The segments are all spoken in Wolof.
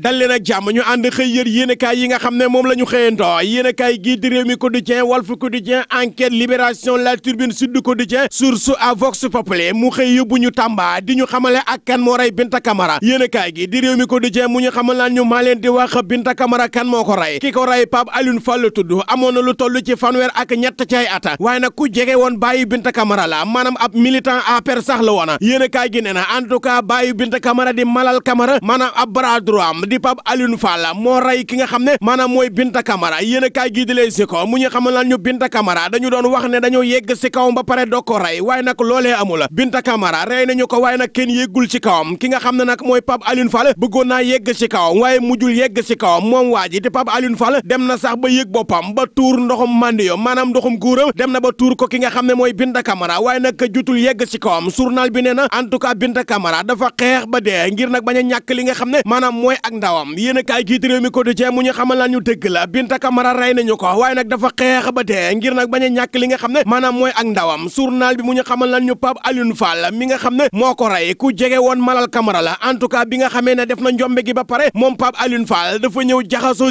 dal leen ak jàmm ñu ànd xëy yër yéenekaay yi nga xam ne moom la ñu xëyandoo yéenekaay gii di Rewmi Quotidien Walf Quotidien Enquête Libération La Tribune Sud Quotidien Source A Vox Populi mu xëy yóbbu ñu Tamba di ñu xamale ak kan moo rey Binta Camara yéenekaay gi di Rewmi Quotidien mu ñu xamal naan ñu di wax Binta Camara kan moo ko rey ki ko rey Pape Alioune Fall tudd amoon na lu toll ci fanweer ak ñett ci ay ata waaye nag ku jege woon bàyyi Binta Camara la sax la woon yéenekaay gi nee na en tout cas bàyyi Binta Camara di Malal Camara maanaam ab bras magam di Pape Alioune Fall moo rey ki nga xam ne maanaam mooy Binta Camara yéen kaay gii di Les Échos mu ñu xamal lan ñu Binta dañu doon wax ne dañoo yegg si kawam ba pare doo ko rey waaye nag loolee amula Binta Camara rey nañu ko waaye nag kenn yeggul ci kawam ki nga xam ne nag mooy Pape Alioune Fall bëggoon naa yegg si kawam waaye mujjul yegg si kawam moom waa ji di Pape Alioune dem na sax ba yëg boppam ba tuur ndoxum mandiyo maanaam ndoxum guuram dem na ba tuur ko ki nga xam ne mooy Binta Camara waaye nag jutul yegg si kawam journal bi nee na en tout cas Binta Camara dafa xeex ba dee ngir nag bañ a ñàkk li nga xam ne maanaam mooy ak ndawam yéen a kaay gii di réew mu ñu xamal ñu dëgg la Binta Camara rey nañu ko waaye nag dafa xeex ba dee ngir nag bañ a ñàkk li nga xam ne maanaam mooy ak ndawam journal bi mu ñu xamal ñu Pape Alioune Fall mi nga xam ne moo ko la en tout bi nga xamee ne def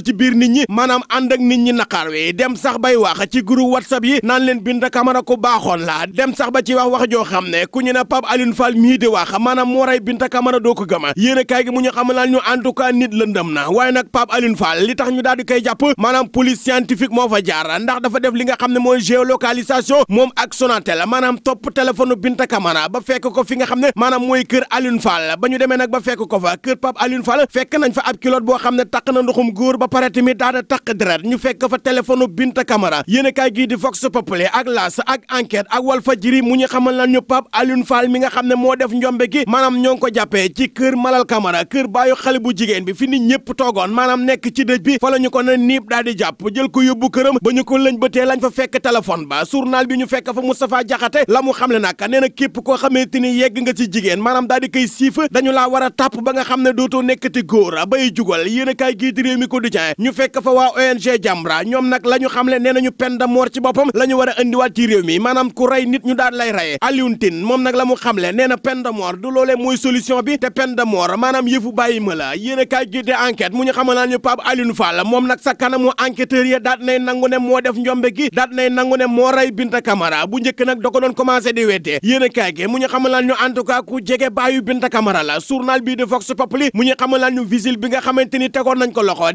ci biir nit ñi maanaam ànd ak nit ñi naqar dem sax bay wax ci groupe WhatsApp yi naan leen Binta Camara ko baaxoon la sax ba ci wax wax joo xam ku ñu ne Pape Alioune Fall mii di wax maanaam moo rey Binta Camara doo ko gëma yéen a gi mu ñu xamal ñu en naa nit lëndëm na waaye nag Pape Alioune Fall li tax ñu daal di koy jàpp maanaam police scientifique moo fa jaar ndax dafa def li nga xam ne mooy géolocalisation moom ak Sonatel maanaam topp téléphone Binta Camara ba fekk ko fi nga xam ne maanaam mooy kër Alioune Fall ba ñu demee nag ba fekk ko fa kër Pape Alioune Fall fekk nañ fa ab kilote boo xam ne taq na ndoxum góor ba pare tamit daal di taq deret ñu fekk fa téléphone Binta kamara yéen a kaay gii di Vox Populi ak L'As ak enquête ak Walfadjri mu ñu xamal lan ñu Pape Alioune Fall nga xam ne moo def njombe gi maanaam ñoo ngi ko jàppee ci kër Malal Camara kër baayu xale bu jigéen teen bi fi nit ñëpp toogoon maanaam nekk ci dëj bi fa la ñu ko na niib daal di jàpp jël ko yóbbu këram ba ñu ko lëñ bëtee lañ fa fekk téléphone ba journal bi ñu fekk fa Moustapha Diakhaté la mu xamle nag nee na képp koo xamante ni yegg nga ci jigéen maanaam daal di koy siif dañu laa war a tàpp ba nga xam ne dootoo nekkati góor bay jugal yéen a kaay gii réew mi ko dujee ñu fekk fa waa ONG Jamra ñoom nag la ñu xamle nee nañu peine de mort ci boppam la ñu war a indiwaat ci réew mi maanaam ku rey nit ñu daal lay reye Alioune Tine moom nag la mu xamle nee na peine de mort du solution bi te peine de maanaam bàyyi ma la kaay gi di enquête mu ñu xamal naa ñu Pape Alioune Fall moom nag sa kanamu enquêteurs daat nay nangu ne moo def njombe gi daat nay nangu ne moo rey Binta Camara bu njëkk nag da ko doon commencé di weetee yéen a kaay gi mu ñu xamal naa ñu en tout cas ku jege baayu Binta Camara la journal bii di Vox Populi mu ñu xamal naa ñu bi nga xamante ni tegoon nañ ko a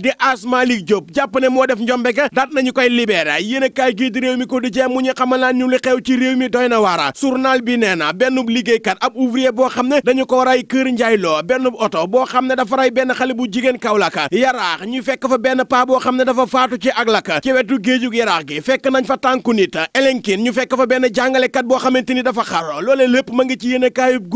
réew mi ko di jeex mu ñu xamal ñu li xew ci réew mi doy na waara journal bi nee na benn liggéeykat ab ouvrier boo xam ne dañu ko ray kër njaay loo benn oto boo xam ne dafa ray benn xale xale bu jigéen Kaolack yaraax ñu fekk benn paa boo xam ne dafa faatu ci ak lakk ci wetu géejug yaraax gi fekk nañ fa tànku nit ñu fekk fa benn jàngalekat boo xamante ni dafa xar loolee lépp ma ngi ci yéen kaayub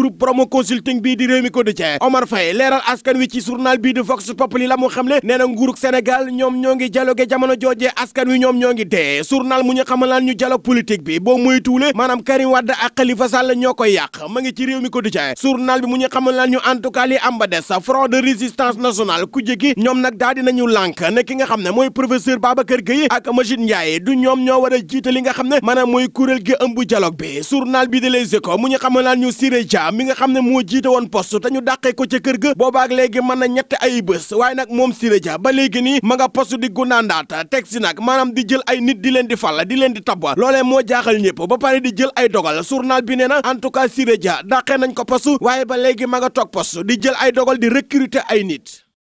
di réew mi ko di cee Omar Faye leeral askan wi ci journal bii di Vox Populi la mu xam ne nee na nguurug Sénégal ñoom ñoo ngi dialogue jamono joojee askan wi ñoom ñoo ngi dee journal mu ñu xamalaan ñu dialogue politique bi boo moytuwule maanaam Karim Wade ak Khalifa Sall ñoo koy yàq ma ngi ci réew mi ko di cee journal bi mu ñu xamalaan ñu en tout cas li am des front de résistance nationale ku jégi ñoom nag daal nañu lànk ne ki nga xam ne mooy professeur Babacar Gueye ak Majid Ndiaye du ñoom ñoo war a jiite li nga xam ne maanaam mooy kuréel gi ëmb dialogue bi journal bi di Les Échos mu ñu xamal naan ñu Siré Dia mi nga xam ne moo jiite woon poste te dàqee ko ca kër ga boobaak léegi mën na ñetti ay bés waaye nag moom Siré Dia ba léegi nii ma nga poste di gunaandaata teg si nag maanaam di jël ay nit di leen di fal di leen di tabwa loolee moo jaaxal ñëpp ba pare di jël ay dogal journal bi nee na en tout cas Siré Dia dàqee nañ ko poste waaye ba léegi ma nga toog poste jël ay dogal di recruter ay nit